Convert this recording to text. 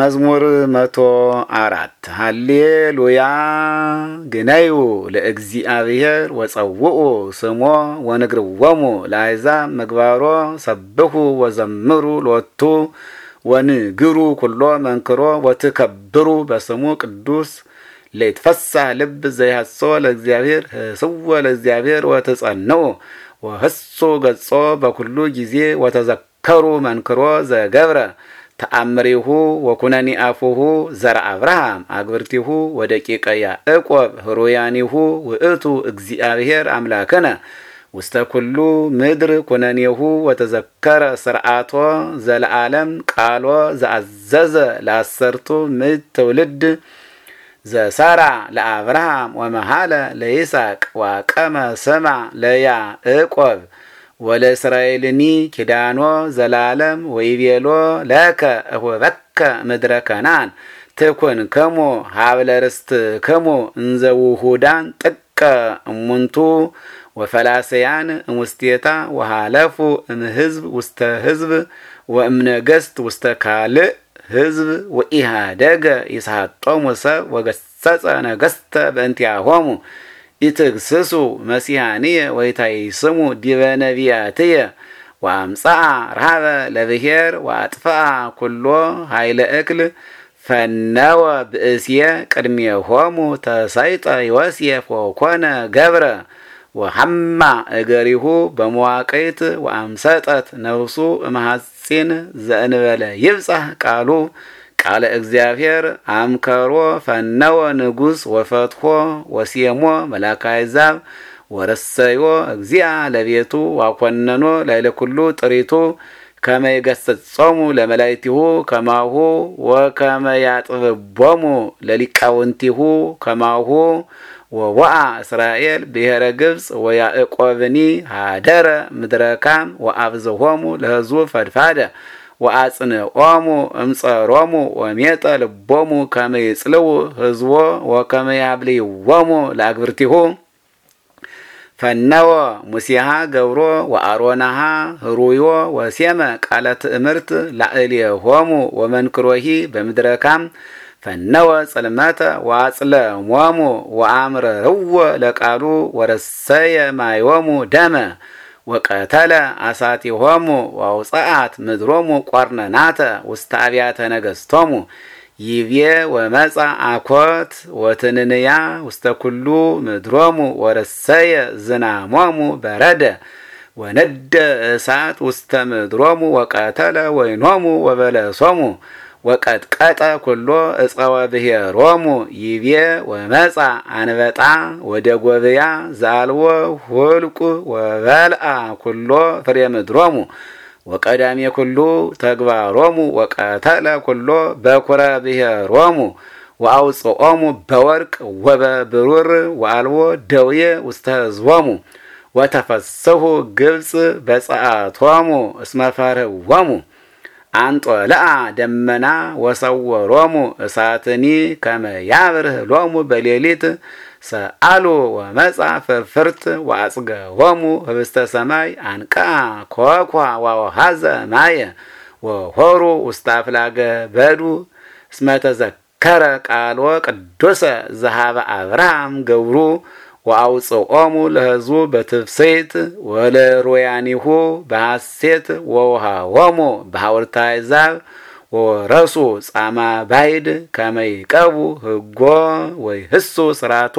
መዝሙር መቶ አራት ሃሌሉያ ግነዩ ለእግዚአብሔር ወጸውኡ ስሞ ወንግርወሙ ለአሕዛብ ምግባሮ ሰብሑ ወዘምሩ ሎቱ ወንግሩ ኩሎ መንክሮ ወትከብሩ በስሙ ቅዱስ ለይትፈሳ ልብ ዘይሃሶ ለእግዚአብሔር ህስወ ለእግዚአብሔር ወትጸንኡ ወህሱ ገጾ በኩሉ ጊዜ ወተዘከሩ መንክሮ ዘገብረ ተአምሪሁ ወኩነኒ አፉሁ ዘር አብርሃም አግብርቲሁ ወደቂቀ ያዕቆብ ህሩያኒሁ ውእቱ እግዚአብሔር አምላክነ ውስተ ኩሉ ምድር ኩነኔሁ ወተዘከረ ስርዓቶ ዘለዓለም ቃሎ ዘአዘዘ ለአሰርቱ ምድ ትውልድ ዘሰራ ለአብርሃም ወመሃለ ለይስሐቅ ዋቀመ ስማ እቆብ ወለእስራኤልኒ ኪዳኖ ዘላለም ወይቤሎ ለከ እሁበከ ምድረ ከናን ትኩን ከሙ ሀብለ ርስት ከሙ እንዘ ጥቀ እሙንቱ ወፈላሰያን እሙስቴታ ወሃለፉ እምህዝብ ውስተ ህዝብ ወእምነገስት ውስተ ካልእ ህዝብ ወኢሃደገ ይስሐጦሙ ሰብ ወገሰጸ ነገስተ በእንቲያሆሙ ኢትግስሱ መሲሐንየ ወይታይስሙ ዲበ ነቢያትየ ወአምጽአ ረሃበ ለብሔር ወአጥፍአ ኩሎ ኃይለ እክል ፈነወ ብእስየ ሆሙ ተሳይጠ ዮሴፍ ወኮነ ገብረ ወሐማ እገሪሁ በመዋቅይት ወአምሰጠት ነፍሱ እማሐፂን ዘእንበለ ይብጻሕ ቃሉ ቃለ እግዚአብሔር አምከሮ ፈነወ ንጉሥ ወፈትሖ ወሴሞ መላካ አሕዛብ ወረሰዮ እግዚአ ለቤቱ ዋኮነኖ ላይለኩሉ ጥሪቱ ከመ ይገሰጾሙ ለመላእክቲሁ ከማሁ ወከመ ያጥብቦሙ ለሊቃውንቲሁ ከማሁ ወወአ እስራኤል ብሔረ ግብፅ ወያዕቆብኒ ሃደረ ምድረካም ወአብዝሆሙ ለህዝቡ ፈድፋደ እምፀ ሮሙ ወሜጠ ልቦሙ ከመይ ይጽልው ህዝቦ ወከመ ያብልይዎሙ ለአግብርቲሁ ፈነወ ሙሴሃ ገብሮ ወአሮናሃ ህሩዮ ወሴመ ቃለ ትእምርት ሆሙ ወመንክሮሂ በምድረካም ፈነወ ጽልመተ ወአምረ ወአምረርዎ ለቃሉ ወረሰየ ማይወሙ ደመ ወቀተለ አሳቲሆሙ ወአውፅአት ምድሮሙ ናተ ውስተ አብያተ ነገሥቶሙ ይቤ ወመጻ አኮት ወትንንያ ውስተ ኩሉ ምድሮሙ ወረሰየ ዝናሞሙ በረደ ወነደ እሳት ውስተ ምድሮሙ ወቀተለ ወይኖሙ ወበለሶሙ ወቀት ቀጠ ኩሎ እፀወ ሮሙ ይቤ ወመጻ አንበጣ ወደ ጎብያ ዛልዎ ሁልቁ ወበልአ ኩሎ ፍሬ ምድሮሙ ወቀዳሜ ኩሉ ተግባሮሙ ወቀተለ ኩሎ በኩረ ብሔሮሙ ወአውፅኦሙ በወርቅ ወበብሩር ወአልዎ ደውየ ውስተ ህዝቦሙ ወተፈሰሁ ግብፅ በፀአቶሙ እስመ ፈርህዎሙ አንጦለአ ደመና ወሰወሮሙ እሳትኒ ከመያብርህ ሎሙ በሌሊት ሰአሉ ወመጻ ፍርፍርት ሆሙ ህብስተ ሰማይ አንቃ ኮኳ ዋውሃዘ ማየ ወሆሩ ውስተ አፍላገ በዱ እስመ ተዘከረ ቅዱሰ ዘሃበ አብርሃም ገብሩ ወአውፅኦሙ ለህዝቡ በትፍሰይት ወለሮያኒሁ በሐሴት ወውሃሆሙ በሐውርተ አሕዛብ ወረሱ ጻማ ባይድ ከመይቀቡ ህጎ ወይ ህሱ ስራቶ